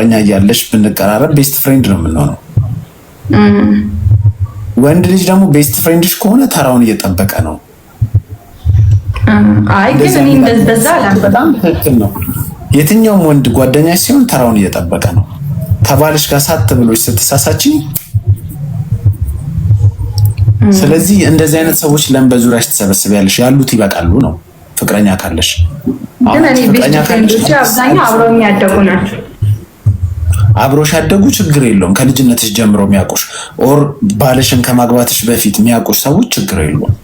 ፍቅረኛ እያለሽ ብንቀራረብ ቤስት ፍሬንድ ነው የምንሆነው። ወንድ ልጅ ደግሞ ቤስት ፍሬንድሽ ከሆነ ተራውን እየጠበቀ ነው። አይ ግን እኔ እንደዛ በጣም ትክክል ነው። የትኛውም ወንድ ጓደኛሽ ሲሆን ተራውን እየጠበቀ ነው። ተባልሽ ጋር ሳት ብሎች ስትሳሳች ስለዚህ እንደዚህ አይነት ሰዎች ለምን በዙሪያሽ ትሰበስቢያለሽ? ያሉት ይበቃሉ ነው። ፍቅረኛ ካለሽ ግን እኔ ቤስት ፍሬንዶቼ አብዛኛው አብረው ያደጉ ናቸው። አብሮሽ ያደጉ ችግር የለውም። ከልጅነትሽ ጀምሮ የሚያውቁሽ ኦር ባልሽን ከማግባትሽ በፊት የሚያውቁሽ ሰዎች ችግር የለውም።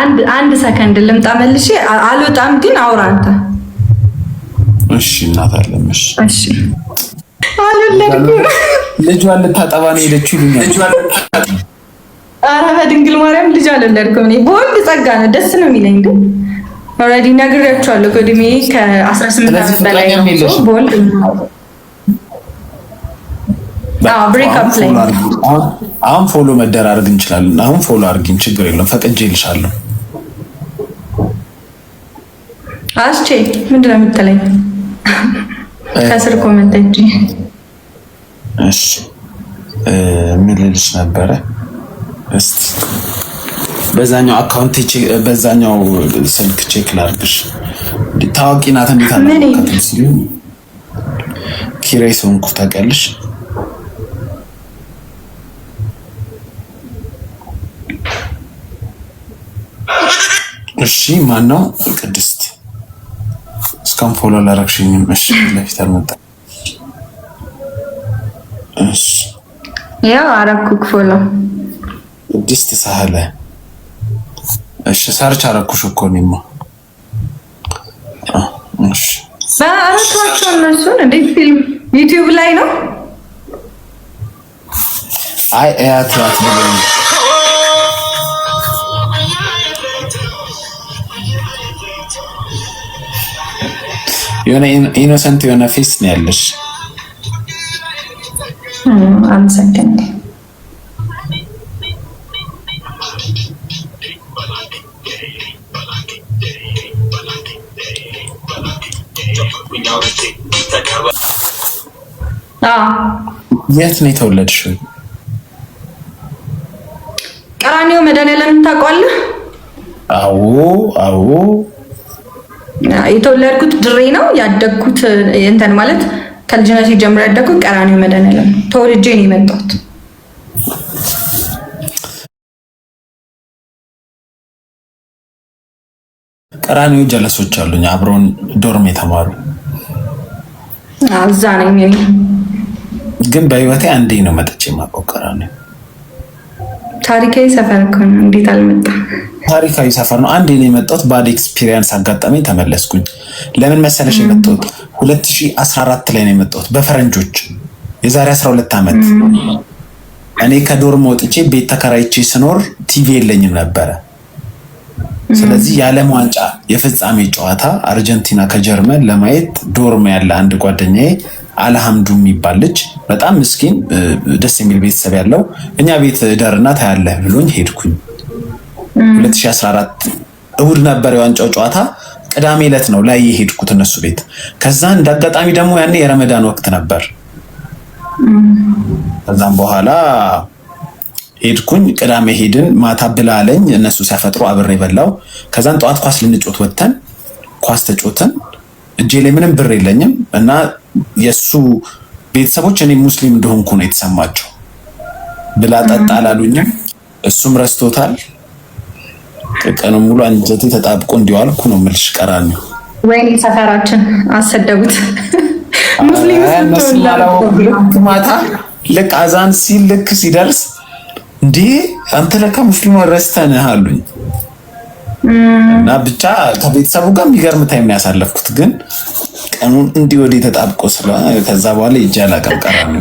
አንድ አንድ ሰከንድ ልምጣ መልሼ አልወጣም፣ ግን አውራ አንተ። እሺ እናት አለምሽ። እሺ አልወለድኩም። ልጇን ልታጠባ ነው የሄደችው ይሉኛል። ኧረ በድንግል ማርያም ልጅ አልወለድኩም እኔ። በወንድ ጸጋ ነው ደስ ነው የሚለኝ ግን ኦልሬዲ ነግሬያቸዋለሁ። ከእድሜ ከአስራ ስምንት ዓመት በላይ ነው በወንድ አሁን ፎሎ መደራረግ እንችላለን። አሁን ፎሎ አድርጊኝ፣ ችግር የለም ፈቅጄ እልሻለሁ። አስቼ ምንድን ነው የምትለኝ? ከስር ኮመንት እንጂ እሺ ምን ልልሽ ነበረ? እስቲ በዛኛው አካውንት በዛኛው ስልክ ቼክ ላድርግሽ። ታዋቂ ናት እንዴት አለ? ኪራይ ሰውንኩ ታውቂያለሽ? እሺ ማነው? ቅድስት እስካሁን ፎሎ አላረግሽኝም። እሺ ለፊት አልመጣ። እሺ ያው አረኩክ ፎሎ ቅድስት ሳህለ። እሺ ሰርች አረኩሽ እኮ እኔማ። እሺ በአረኳቸው እነሱን እንዴት ፊልም ዩቲዩብ ላይ ነው። አይ ያት ያት የሆነ ኢኖሰንት የሆነ ፌስ ነው ያለሽ። አመሰግን የት ነው የተወለድሽው? ቀራኒው መድኃኒዓለም ታውቀዋለህ? አዎ አዎ የተወለድኩት ድሬ ነው ያደግኩት እንትን ማለት ከልጅነት ጀምሮ ያደግኩት ቀራኒዮ መድኃኔዓለም ተወልጄ ነው የመጣሁት። ቀራኒው ጀለሶች አሉኝ አብረውን ዶርም የተማሩ እዛ ነኝ። ግን በህይወቴ አንዴ ነው መጠቼ የማውቀው ቀራኒዮ። ታሪካዊ ሰፈር እኮ ነው። እንዴት አልመጣም? ታሪካዊ ሰፈር ነው። አንድ ነው የመጣሁት። ባድ ኤክስፒሪየንስ አጋጣሚ ተመለስኩኝ። ለምን መሰለሽ የመጣሁት 2014 ላይ ነው የመጣሁት በፈረንጆች የዛሬ 12 ዓመት። እኔ ከዶርም ወጥቼ ቤት ተከራይቼ ስኖር ቲቪ የለኝም ነበረ። ስለዚህ የዓለም ዋንጫ የፍጻሜ ጨዋታ አርጀንቲና ከጀርመን ለማየት ዶርም ያለ አንድ ጓደኛዬ አልሐምዱ የሚባል ልጅ በጣም ምስኪን ደስ የሚል ቤተሰብ ያለው እኛ ቤት ደርና ታያለህ ብሎኝ ሄድኩኝ። 2014 እሁድ ነበር የዋንጫው ጨዋታ። ቅዳሜ ዕለት ነው ላይ የሄድኩት እነሱ ቤት። ከዛ እንደ አጋጣሚ ደግሞ ያኔ የረመዳን ወቅት ነበር። ከዛም በኋላ ሄድኩኝ። ቅዳሜ ሄድን። ማታ ብላለኝ እነሱ ሲያፈጥሩ አብሬ በላው። ከዛን ጠዋት ኳስ ልንጮት ወጥተን ኳስ ተጮትን። እጄ ላይ ምንም ብር የለኝም እና የእሱ ቤተሰቦች እኔ ሙስሊም እንደሆንኩ ነው የተሰማቸው። ብላ ጠጣ አላሉኝም። እሱም ረስቶታል። ቀኑ ሙሉ አንጀቴ ተጣብቆ እንዲዋልኩ ነው የምልሽ። ቀራኒ ወይኔ ሰፈራችን አሰደቡት። ማታ ልክ አዛን ሲል ልክ ሲደርስ እንዲህ አንተ ለካ ሙስሊም ረስተንህ አሉኝ። እና ብቻ ከቤተሰቡ ጋር የሚገርም ታይም ነው ያሳለፍኩት፣ ግን ቀኑን እንዲህ ወደ ተጣብቆ ስለሆነ ከዛ በኋላ ሂጅ አላውቅም። ቀራኒ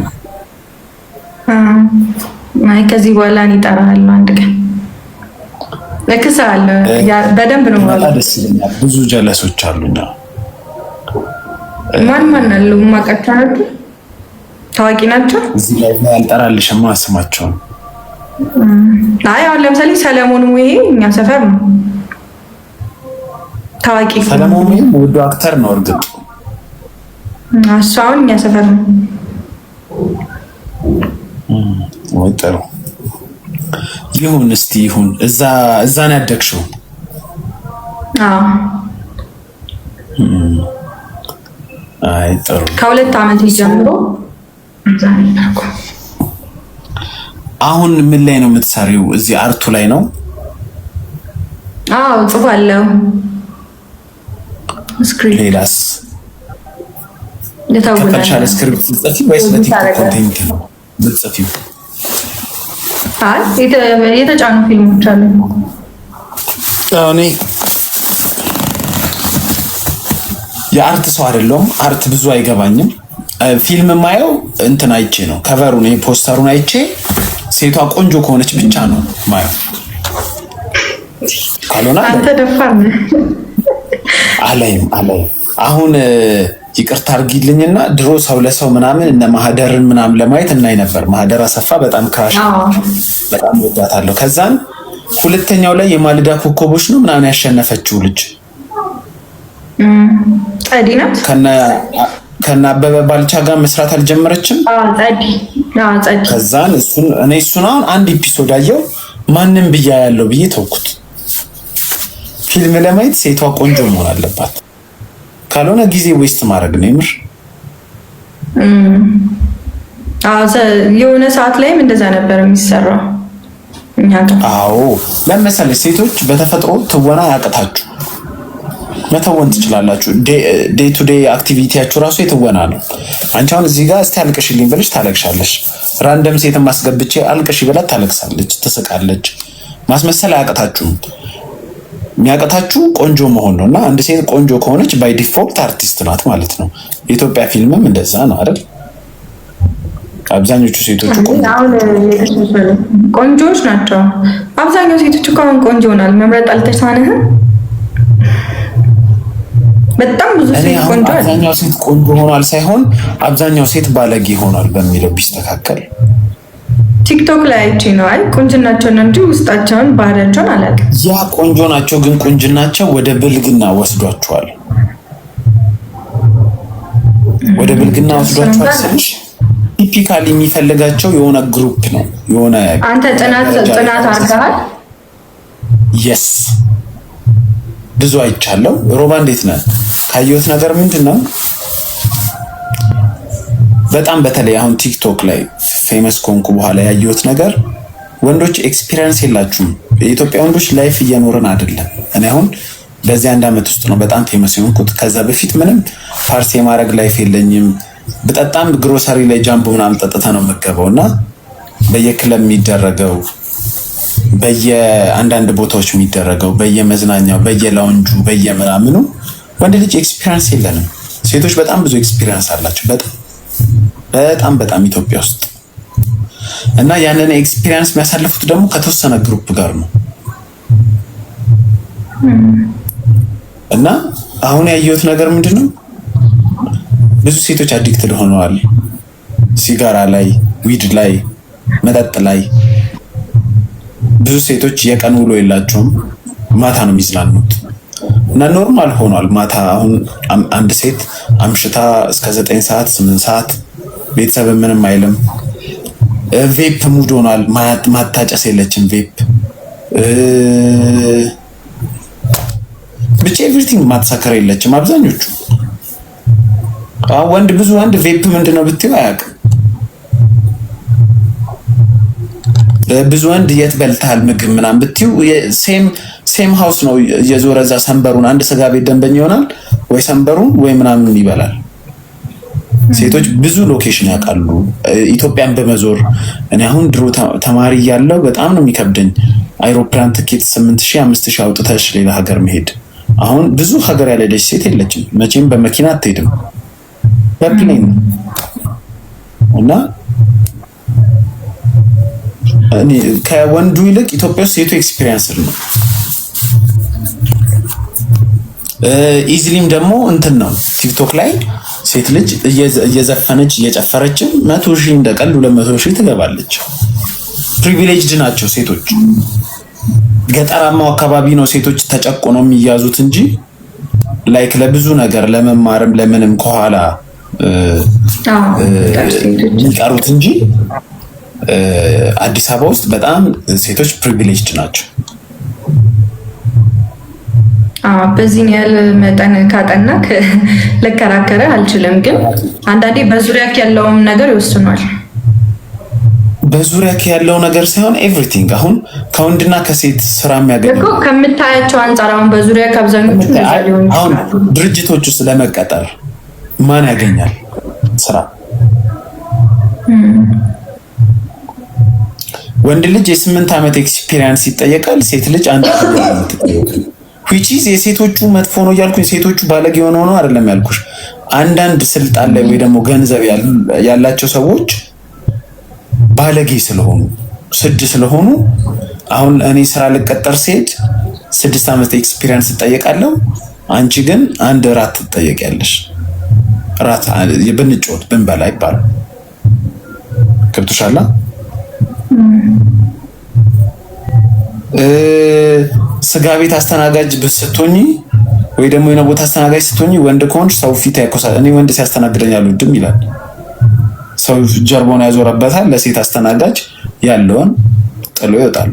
ከዚህ በኋላ እጠራሃለሁ አንድ ቀን ደስ ይለኛል። ብዙ ጀለሶች አሉና ማን ማን አሉ ማቃቸው ታዋቂ ናቸው። እዚህ ላይ ያልጠራልሽማ ስማቸውን። አይ አሁን ለምሳሌ ሰለሞን ሙሄ እኛ ሰፈር ነው ታዋቂ። ሰለሞን ሙሄ ውዱ አክተር ነው። እርግጥ እሱ አሁን እኛ ሰፈር ነው ወይ ጥሩ ይሁን እስቲ ይሁን። እዛ እዛ ነው ያደግሽው? አይ ጥሩ። ከሁለት ዓመት ጀምሮ አሁን ምን ላይ ነው የምትሰሪው? እዚህ አርቱ ላይ ነው? አዎ፣ ጽፋለሁ። ስክሪፕት ሌላስ? ለታውቁ ለታውቁ ስክሪፕት ጽፊ ወይስ ለቲክቶክ ኮንቴንት ነው ጽፊው? የተጫኑ ፊልሞች አሉ። እኔ የአርት ሰው አይደለሁም። አርት ብዙ አይገባኝም። ፊልም ማየው እንትን አይቼ ነው፣ ከቨሩን ፖስተሩን አይቼ ሴቷ ቆንጆ ከሆነች ብቻ ነው ማየው። ካልሆነ አላይም አላይም አሁን ይቅርታ አርጊልኝና ድሮ ሰው ለሰው ምናምን እነ ማህደርን ምናምን ለማየት እናይ ነበር። ማህደር አሰፋ በጣም ክራሽ በጣም ወዳታለሁ። ከዛን ሁለተኛው ላይ የማልዳ ኮከቦች ነው ምናምን ያሸነፈችው ልጅ ጸዲ ናት። ከነ አበበ ባልቻ ጋር መስራት አልጀመረችም። ከዛን እኔ እሱን አሁን አንድ ኤፒሶድ አየው ማንም ብያ ያለው ብዬ ተውኩት። ፊልም ለማየት ሴቷ ቆንጆ መሆን አለባት። ካልሆነ ጊዜ ዌስት ማድረግ ነው የምር። የሆነ ሰዓት ላይም እንደዛ ነበር የሚሰራው። አዎ ለምሳሌ ሴቶች በተፈጥሮ ትወና ያቅታችሁ መተወን ትችላላችሁ። ዴይ ቱ ዴይ አክቲቪቲያችሁ ራሱ የትወና ነው። አንቺ አሁን እዚህ ጋር እስቲ አልቅሽልኝ ብለሽ ታለቅሻለሽ። ራንደም ሴትን ማስገብቼ አልቅሽ ብላት ታለቅሳለች፣ ትስቃለች። ማስመሰል አያቅታችሁም። የሚያቀታችሁ ቆንጆ መሆን ነው እና አንድ ሴት ቆንጆ ከሆነች ባይ ዲፎልት አርቲስት ናት ማለት ነው። የኢትዮጵያ ፊልምም እንደዛ ነው አይደል? አብዛኞቹ ሴቶች ቆንጆች ናቸው። አብዛኛው ሴቶች እኮ አሁን ቆንጆ ሆናል። መምረጥ አልተሳንህም። በጣም ብዙ ሴት ቆንጆ አብዛኛው ሴት ቆንጆ ሆኗል ሳይሆን አብዛኛው ሴት ባለጌ ሆኗል በሚለው ቢስተካከል ቲክቶክ ላይ አይቼ ነው። አይ ቁንጅናቸውን እንጂ ውስጣቸውን ባህሪያቸውን አላውቅም። ያ ቆንጆ ናቸው፣ ግን ቁንጅናቸው ወደ ብልግና ወስዷቸዋል። ወደ ብልግና ወስዷቸዋል ስልሽ ቲፒካል የሚፈልጋቸው የሆነ ግሩፕ ነው። የሆነ አንተ ጥናት ጥናት አድርገሃል? የስ ብዙ አይቻለሁ። ሮባ እንዴት ነህ? ካየሁት ነገር ምንድን ነው በጣም በተለይ አሁን ቲክቶክ ላይ ፌመስ ከሆንኩ በኋላ ያየሁት ነገር ወንዶች ኤክስፒሪየንስ የላችሁም። የኢትዮጵያ ወንዶች ላይፍ እየኖርን አይደለም። እኔ አሁን በዚህ አንድ ዓመት ውስጥ ነው በጣም ፌመስ የሆንኩት። ከዛ በፊት ምንም ፓርቲ የማድረግ ላይፍ የለኝም። በጣም ግሮሰሪ ላይ ጃምቦ ምናምን ጠጥተ ነው የምገበው እና በየክለብ የሚደረገው በየአንዳንድ ቦታዎች የሚደረገው በየመዝናኛው፣ በየላውንጁ፣ በየምናምኑ ወንድ ልጅ ኤክስፒሪየንስ የለንም። ሴቶች በጣም ብዙ ኤክስፒሪየንስ አላቸው። በጣም በጣም በጣም ኢትዮጵያ ውስጥ እና ያንን ኤክስፒሪየንስ የሚያሳልፉት ደግሞ ከተወሰነ ግሩፕ ጋር ነው እና አሁን ያየሁት ነገር ምንድን ነው፣ ብዙ ሴቶች አዲክትድ ሆነዋል። ሲጋራ ላይ፣ ዊድ ላይ፣ መጠጥ ላይ። ብዙ ሴቶች የቀን ውሎ የላቸውም፣ ማታ ነው የሚዝናኑት። እና ኖርማል ሆኗል። ማታ አሁን አንድ ሴት አምሽታ እስከ ዘጠኝ ሰዓት ስምንት ሰዓት ቤተሰብ ምንም አይልም ቬፕ ሙድ ሆኗል። ማታጨስ የለችም ቬፕ ብቻ ኤቭሪቲንግ ማትሰከር የለችም። አብዛኞቹ ወንድ ብዙ ወንድ ቬፕ ምንድን ነው ብትይው አያውቅም። ብዙ ወንድ የት በልተሃል ምግብ ምናምን ብትዩ ሴም ሀውስ ነው እየዞረ እዛ ሰንበሩን አንድ ስጋ ቤት ደንበኛ ይሆናል ወይ ሰንበሩን ወይ ምናምን ይበላል። ሴቶች ብዙ ሎኬሽን ያውቃሉ። ኢትዮጵያን በመዞር እኔ አሁን ድሮ ተማሪ እያለሁ በጣም ነው የሚከብደኝ አይሮፕላን ትኬት ስምንት ሺህ አምስት ሺህ አውጥተሽ ሌላ ሀገር መሄድ። አሁን ብዙ ሀገር ያልሄደች ሴት የለችም። መቼም በመኪና አትሄድም፣ በፕሌን ነው እና ከወንዱ ይልቅ ኢትዮጵያ ውስጥ ሴቱ ኤክስፒሪየንስድ ነው። ኢዝሊም ደግሞ እንትን ነው ቲክቶክ ላይ ሴት ልጅ እየዘፈነች እየጨፈረች መቶ ሺህ እንደቀልድ ሁለት መቶ ሺህ ትገባለች። ፕሪቪሌጅድ ናቸው ሴቶች። ገጠራማው አካባቢ ነው ሴቶች ተጨቁነው የሚያዙት እንጂ ላይክ ለብዙ ነገር ለመማርም ለምንም ከኋላ የሚቀሩት እንጂ አዲስ አበባ ውስጥ በጣም ሴቶች ፕሪቪሌጅድ ናቸው። በዚህን ያህል መጠን ካጠናክ ልከራከረ አልችልም፣ ግን አንዳንዴ በዙሪያ ያለውም ነገር ይወስኗል። በዙሪያ ያለው ነገር ሳይሆን ኤቭሪቲንግ አሁን ከወንድና ከሴት ስራ የሚያገኘው ከምታያቸው አንጻር አሁን በዙሪያ ከአብዛኞቹ አሁን ድርጅቶች ውስጥ ለመቀጠር ማን ያገኛል ስራ? ወንድ ልጅ የስምንት ዓመት ኤክስፒሪያንስ ይጠየቃል። ሴት ልጅ አንድ ዊቺዝ የሴቶቹ መጥፎ ነው እያልኩ የሴቶቹ ባለጌ የሆነ ሆነ አይደለም ያልኩሽ። አንዳንድ ስልጣን ላይ ወይ ደግሞ ገንዘብ ያላቸው ሰዎች ባለጌ ስለሆኑ ስድ ስለሆኑ አሁን እኔ ስራ ልቀጠር ስሄድ ስድስት ዓመት ኤክስፒሪየንስ ትጠየቃለሁ። አንቺ ግን አንድ ራት ትጠየቂያለሽ። ራት ብንጮት ብንበላ ይባላል። ገብቶሻላ ስጋ ቤት አስተናጋጅ ብስትሆኝ ወይ ደግሞ የሆነ ቦታ አስተናጋጅ ስትሆኝ ወንድ ከሆንሽ ሰው ፊት ያኮሳል። እኔ ወንድ ሲያስተናግደኝ አልወድም ይላል። ሰው ጀርባውን ያዞረበታል። ለሴት አስተናጋጅ ያለውን ጥሎ ይወጣል።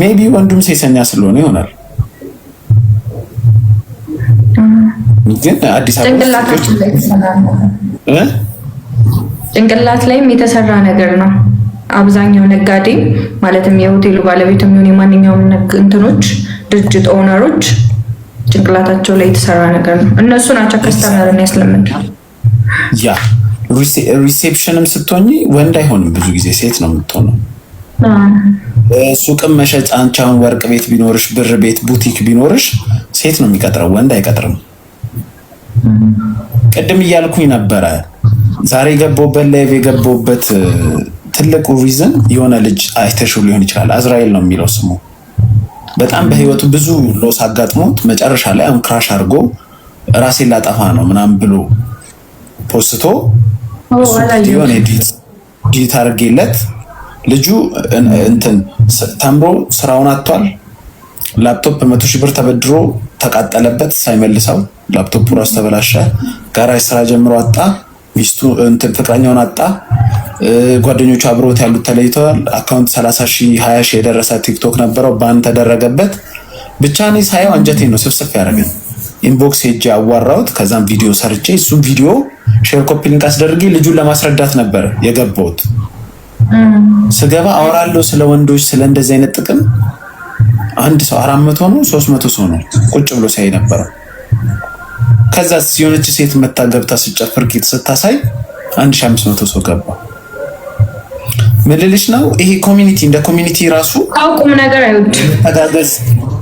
ሜቢ ወንዱም ሴሰኛ ስለሆነ ይሆናል። ግን አዲስ አበባ ጭንቅላት ላይም የተሰራ ነገር ነው። አብዛኛው ነጋዴ ማለትም የሆቴሉ ባለቤት የሚሆን የማንኛውም እንትኖች ድርጅት ኦነሮች ጭንቅላታቸው ላይ የተሰራ ነገር ነው። እነሱ ናቸው ከስተመርን ያስለምድ። ያ ሪሴፕሽንም ስትሆኝ ወንድ አይሆንም፣ ብዙ ጊዜ ሴት ነው የምትሆነው። ሱቅም መሸጫ፣ አንቺ አሁን ወርቅ ቤት ቢኖርሽ፣ ብር ቤት፣ ቡቲክ ቢኖርሽ ሴት ነው የሚቀጥረው፣ ወንድ አይቀጥርም። ቅድም እያልኩኝ ነበረ ዛሬ የገባሁበት ላይቭ የገባሁበት ትልቁ ሪዝን የሆነ ልጅ አይተሽው ሊሆን ይችላል። አዝራኤል ነው የሚለው ስሙ። በጣም በህይወቱ ብዙ ሎስ አጋጥሞት መጨረሻ ላይ አሁን ክራሽ አድርጎ ራሴን ላጠፋ ነው ምናምን ብሎ ፖስቶ ሆነ ዲት አድርጌለት ልጁ እንትን ተምሮ ስራውን አጥቷል። ላፕቶፕ በመቶ ሺህ ብር ተበድሮ ተቃጠለበት ሳይመልሰው ላፕቶፕ ራሱ ተበላሸ። ጋራጅ ስራ ጀምሮ አጣ። ሚስቱ እንትን ፍቅረኛውን አጣ። ጓደኞቹ አብሮት ያሉት ተለይተዋል። አካውንት 30 ሺህ 20 የደረሰ ቲክቶክ ነበረው ባን ተደረገበት። ብቻ እኔ ሳየው አንጀቴ ነው ስብስብ ያደረገኝ። ኢንቦክስ ሄጄ አዋራሁት። ከዛም ቪዲዮ ሰርቼ እሱም ቪዲዮ ሼር ኮፒ ሊንክ አስደርጌ ልጁን ለማስረዳት ነበር የገባሁት። ስገባ አወራለሁ ስለ ወንዶች ስለ እንደዚህ አይነት ጥቅም አንድ ሰው አራት መቶ ነው ሶስት መቶ ሰው ነው ቁጭ ብሎ ሲያይ ነበረው ከዛ የሆነች ሴት መታ ገብታ ስጨፍር ጌጥ ስታሳይ 1500 መቶ ሰው ገባ። ምልልሽ ነው ይሄ ኮሚኒቲ እንደ ኮሚኒቲ ራሱ አውቁም ነገር ለመተጋገዝ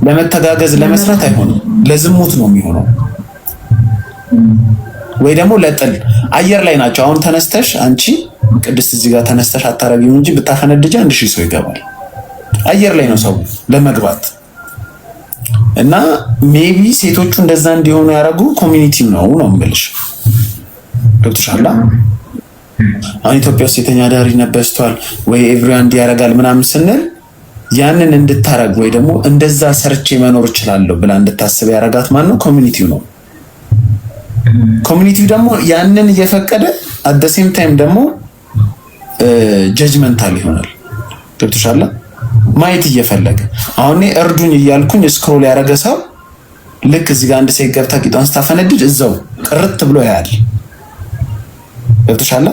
ለመተጋገዝ ለመስራት አይሆንም። ለዝሙት ነው የሚሆነው ወይ ደግሞ ለጥል አየር ላይ ናቸው። አሁን ተነስተሽ አንቺ ቅድስት እዚህ ጋር ተነስተሽ አታረጊም እንጂ ብታፈነድጅ አንድ ሺህ ሰው ይገባል። አየር ላይ ነው ሰው ለመግባት እና ሜቢ ሴቶቹ እንደዛ እንዲሆኑ ያደረጉ ኮሚኒቲ ነው ነው የምልሽ። ገብቶሻል? አሁን ኢትዮጵያ ውስጥ ሴተኛ አዳሪ ነበስቷል ወይ ኤቭሪዋን እንዲያደርጋል ምናምን ስንል ያንን እንድታረግ ወይ ደግሞ እንደዛ ሰርቼ መኖር እችላለሁ ብላ እንድታስብ ያረጋት ማን ነው? ኮሚኒቲው ነው። ኮሚኒቲው ደግሞ ያንን እየፈቀደ አደሴም ታይም ደግሞ ጀጅመንታል ይሆናል። ገብቶሻል? ማየት እየፈለገ አሁን እርዱኝ እያልኩኝ ስክሮል ያደረገ ሰው ልክ እዚህ ጋር አንድ ሴት ገብታ ቂጧን ስታፈነድድ እዛው ቅርት ብሎ ያያል። ገብቶሻል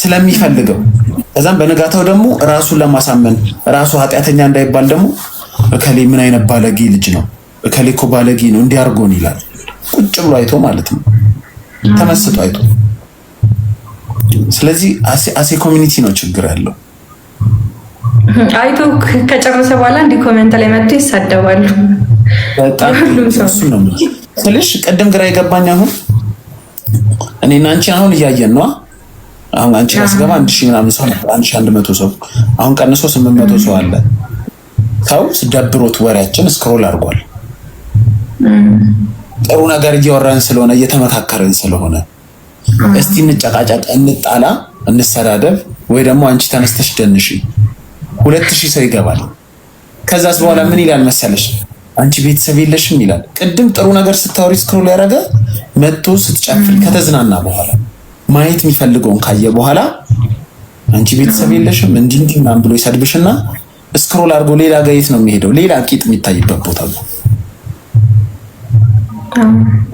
ስለሚፈልገው ከዛም በንጋታው ደግሞ ራሱን ለማሳመን ራሱ ኃጢአተኛ እንዳይባል ደግሞ እከሌ ምን አይነት ባለጌ ልጅ ነው፣ እከሌ እኮ ባለጌ ነው እንዲያርጎን ይላል። ቁጭ ብሎ አይቶ ማለት ነው፣ ተመስጦ አይቶ። ስለዚህ አሴ ኮሚኒቲ ነው ችግር ያለው። አይቶ ከጨረሰ በኋላ እንዲህ ኮሜንት ላይ መጥቶ ይሳደባሉ። ስልሽ ቅድም ግራ የገባኝ አሁን እኔና አንቺን አሁን እያየን ነዋ። አሁን አንቺ ስገባ አንድ ሺህ ምናምን ሰው ነበር፣ አንድ ሺህ አንድ መቶ ሰው አሁን ቀንሶ ስምንት መቶ ሰው አለ። ሰው ደብሮት ወሬያችን ስክሮል አድርጓል። ጥሩ ነገር እያወራን ስለሆነ እየተመካከርን ስለሆነ እስቲ እንጨቃጨቅ፣ እንጣላ፣ እንሰዳደብ ወይ ደግሞ አንቺ ተነስተሽ ደንሽ ሁለት ሺህ ሰው ይገባል። ከዛስ በኋላ ምን ይላል መሰለሽ? አንቺ ቤተሰብ የለሽም ይላል። ቅድም ጥሩ ነገር ስታወሪ ስክሮል ያደረገ መጥቶ ስትጨፍል ከተዝናና በኋላ ማየት የሚፈልገውን ካየ በኋላ አንቺ ቤተሰብ የለሽም እንዲህ እንዲህ ምናምን ብሎ ይሰድብሽና ስክሮል አድርጎ ሌላ ጋየት ነው የሚሄደው። ሌላ ቂጥ የሚታይበት ቦታ ነው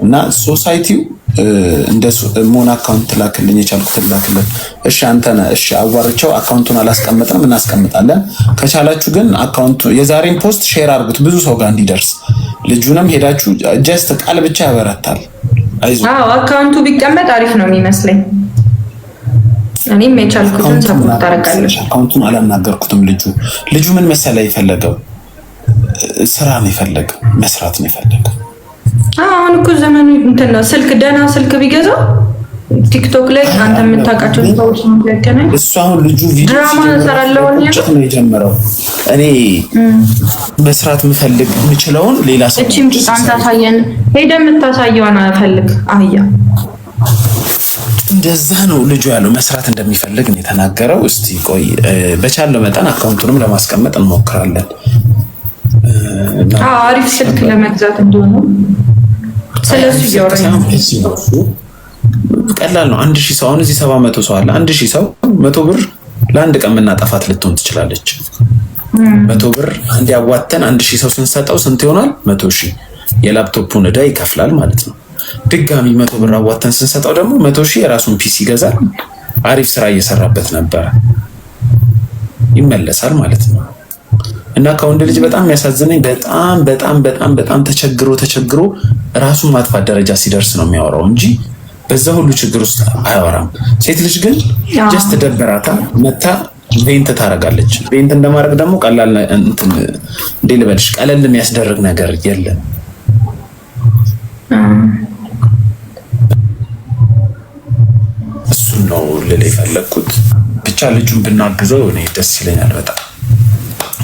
እና ሶሳይቲው እንደ ሞን አካውንት ላክልኝ፣ የቻልኩትን ላክልን። እሺ አንተ እሺ አዋርቸው አካውንቱን አላስቀምጥንም፣ እናስቀምጣለን። ከቻላችሁ ግን አካውንቱ የዛሬን ፖስት ሼር አድርጉት ብዙ ሰው ጋር እንዲደርስ። ልጁንም ሄዳችሁ ጀስት ቃል ብቻ ያበረታል። አካውንቱ ቢቀመጥ አሪፍ ነው የሚመስለኝ። እኔም የቻልኩትን አካውንቱን አላናገርኩትም። ልጁ ልጁ ምን መሰለህ የፈለገው ስራ ነው የፈለገው መስራት ነው የፈለገው አሁን እኮ ዘመኑ እንትን ነው። ስልክ ደህና ስልክ ቢገዛው ቲክቶክ ላይ አንተ የምታውቃቸው ሰዎች ያገናኝ። እሱ አሁን ልጁ ድራማ ሰራለው ነው የጀመረው። እኔ መስራት ምፈልግ ምችለውን ሌላ ሰው እቺም ቂጣን ታሳየን ሄደ የምታሳየዋን አፈልግ አህያ እንደዛ ነው ልጁ ያለው መስራት እንደሚፈልግ ነው የተናገረው። እስቲ ቆይ በቻለው መጠን አካውንቱንም ለማስቀመጥ እንሞክራለን። አሪፍ ስልክ ለመግዛት እንደሆነ ቀላል ነው። አንድ ሺህ ሰው አሁን እዚህ ሰባ መቶ ሰው አለ። አንድ ሺህ ሰው መቶ ብር ለአንድ ቀን የምናጠፋት ልትሆን ትችላለች። መቶ ብር አንድ ያዋተን አንድ ሺህ ሰው ስንሰጠው ስንት ይሆናል? መቶ ሺህ የላፕቶፑን እዳ ይከፍላል ማለት ነው። ድጋሚ መቶ ብር አዋተን ስንሰጠው ደግሞ መቶ ሺህ የራሱን ፒሲ ይገዛል። አሪፍ ስራ እየሰራበት ነበረ፣ ይመለሳል ማለት ነው። እና ከወንድ ልጅ በጣም የሚያሳዝነኝ በጣም በጣም በጣም በጣም ተቸግሮ ተቸግሮ ራሱን ማጥፋት ደረጃ ሲደርስ ነው የሚያወራው እንጂ በዛ ሁሉ ችግር ውስጥ አያወራም። ሴት ልጅ ግን ጀስት ደበራታ መታ ቬንት ታደርጋለች። ቬንት እንደማድረግ ደግሞ ቀላል እንዴ ልበልሽ፣ ቀለል የሚያስደርግ ነገር የለም። እሱን ነው ልል የፈለግኩት። ብቻ ልጁን ብናግዘው ደስ ይለኛል በጣም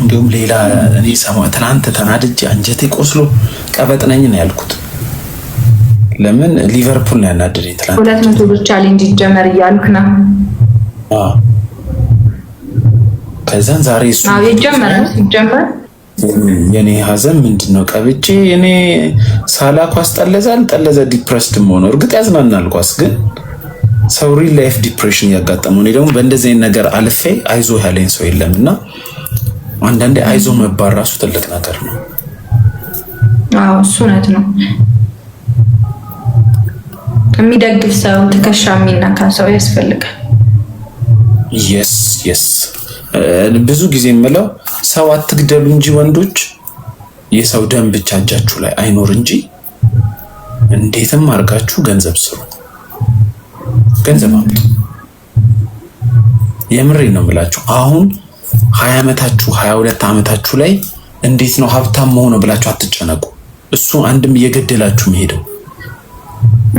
እንዲሁም ሌላ እኔ ሰማ ትናንት ተናድጄ አንጀቴ ቆስሎ ቀበጥ ነኝ ነው ያልኩት። ለምን ሊቨርፑል ነው ያናደደኝ። ትናንት ሁለት መቶ ብር ቻሌንጅ ይጀመር እያልክ ነው። ከዛን ዛሬ እሱ የኔ ሀዘን ምንድን ነው? ቀብጬ እኔ ሳላ ኳስ ጠለዘ አልጠለዘ ዲፕረስድ መሆኑ እርግጥ ያዝናናል። ኳስ ግን ሰው ሪል ላይፍ ዲፕሬሽን እያጋጠመው እኔ ደግሞ በእንደዚህ አይነት ነገር አልፌ አይዞ ያለኝ ሰው የለም እና አንዳንዴ አይዞ መባል ራሱ ትልቅ ነገር ነው። አዎ እሱ እውነት ነው። የሚደግፍ ሰው ትከሻ የሚነካ ሰው ያስፈልጋል። የስ የስ ብዙ ጊዜ የምለው ሰው አትግደሉ እንጂ ወንዶች የሰው ደም ብቻ እጃችሁ ላይ አይኖር እንጂ እንዴትም አድርጋችሁ ገንዘብ ስሩ፣ ገንዘብ አምጡ። የምሬ ነው የምላችሁ አሁን ሀያ ዓመታችሁ ሀያ ሁለት ዓመታችሁ ላይ እንዴት ነው ሀብታም መሆኑ ብላችሁ አትጨነቁ። እሱ አንድም እየገደላችሁ መሄደው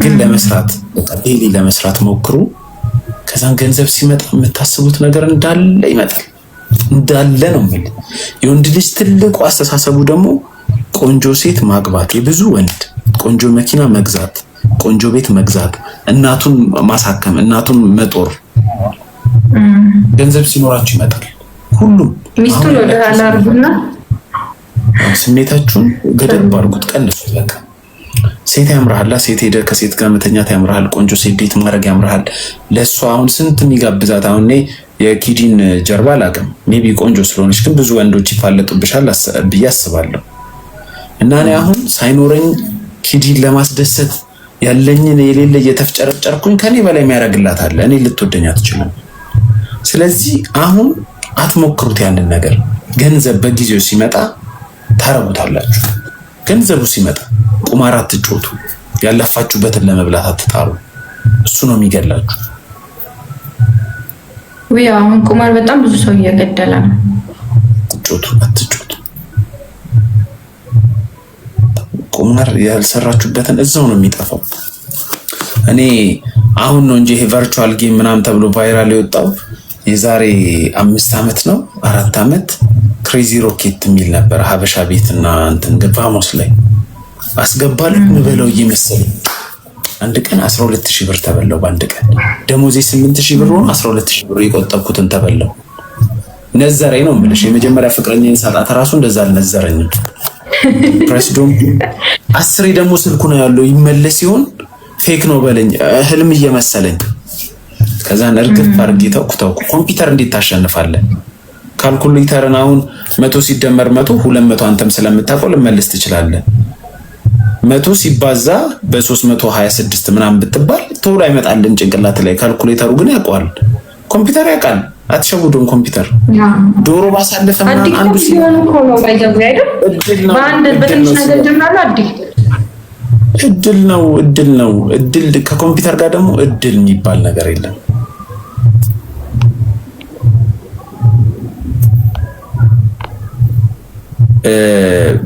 ግን ለመስራት ሌሊ ዴሊ ለመስራት ሞክሩ። ከዛን ገንዘብ ሲመጣ የምታስቡት ነገር እንዳለ ይመጣል። እንዳለ ነው የሚል የወንድ ልጅ ትልቁ አስተሳሰቡ ደግሞ ቆንጆ ሴት ማግባት፣ የብዙ ወንድ ቆንጆ መኪና መግዛት፣ ቆንጆ ቤት መግዛት፣ እናቱን ማሳከም፣ እናቱን መጦር ገንዘብ ሲኖራችሁ ይመጣል። ሁሉም ሚስቱን ወደ ኋላ አርጉና ስሜታችሁን ገደብ አርጉት፣ ቀንሱ። በቃ ሴት ያምርሃላ፣ ሴት ሄደ ከሴት ጋር መተኛት ያምርሃል፣ ቆንጆ ሴት ዴት ማድረግ ያምርሃል። ለእሷ አሁን ስንት የሚጋብዛት አሁን እኔ የኪዲን ጀርባ አላውቅም። ሜቢ ቆንጆ ስለሆነች ግን ብዙ ወንዶች ይፋለጡብሻል ብዬ አስባለሁ። እና እኔ አሁን ሳይኖረኝ ኪዲን ለማስደሰት ያለኝን የሌለ እየተፍጨረጨርኩኝ ከኔ በላይ የሚያደርግላት አለ። እኔ ልትወደኝ አትችልም። ስለዚህ አሁን አትሞክሩት። ያንን ነገር ገንዘብ በጊዜው ሲመጣ ታረጉታላችሁ። ገንዘቡ ሲመጣ ቁማር አትጮቱ ያለፋችሁበትን ለመብላት አትጣሩ። እሱ ነው የሚገላችሁ። አሁን ቁማር በጣም ብዙ ሰው እየገደለ ነው። አትጫወቱ፣ ቁማር ያልሰራችሁበትን እዛው ነው የሚጠፋው። እኔ አሁን ነው እንጂ ይሄ ቨርቹዋል ጌም ምናምን ተብሎ ቫይራል የወጣው የዛሬ አምስት ዓመት ነው አራት ዓመት ክሬዚ ሮኬት የሚል ነበር ሀበሻ ቤት እና እንትን ግፋሞስ ላይ አስገባል ንበለው እየመሰለኝ አንድ ቀን 12 ሺህ ብር ተበላው። በአንድ ቀን ደሞዜ 8 ሺህ ብር ሆኖ 12 ሺህ ብር የቆጠብኩትን ተበላው። ነዘረኝ ነው የምልሽ። የመጀመሪያ ፍቅረኛ ሳጣት ራሱ እንደዛ አልነዘረኝም። ፕሬስዶም አስሬ ደግሞ ስልኩ ነው ያለው ይመለስ ሲሆን ፌክ ነው በለኝ ህልም እየመሰለኝ ከዛን እርግፍ አድርጌ ተውኩ ተውኩ። ኮምፒውተር እንዴት ታሸንፋለህ? ካልኩሌተርን አሁን መቶ ሲደመር መቶ ሁለት መቶ አንተም ስለምታውቀው ልመልስ ትችላለህ። መቶ ሲባዛ በ326 ምናምን ብትባል ቶሎ አይመጣልን ጭንቅላት ላይ። ካልኩሌተሩ ግን ያውቀዋል፣ ኮምፒውተር ያውቃል። አትሸውዱን። ኮምፒውተር ዶሮ ባሳለፈ አንዱ እድል ነው እድል ነው እድል። ከኮምፒውተር ጋር ደግሞ እድል የሚባል ነገር የለም።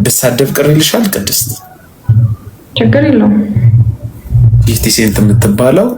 ብሳደብ ቅር ይልሻል? ቅድስት ችግር የለውም። ፊፍቲ የምትባለው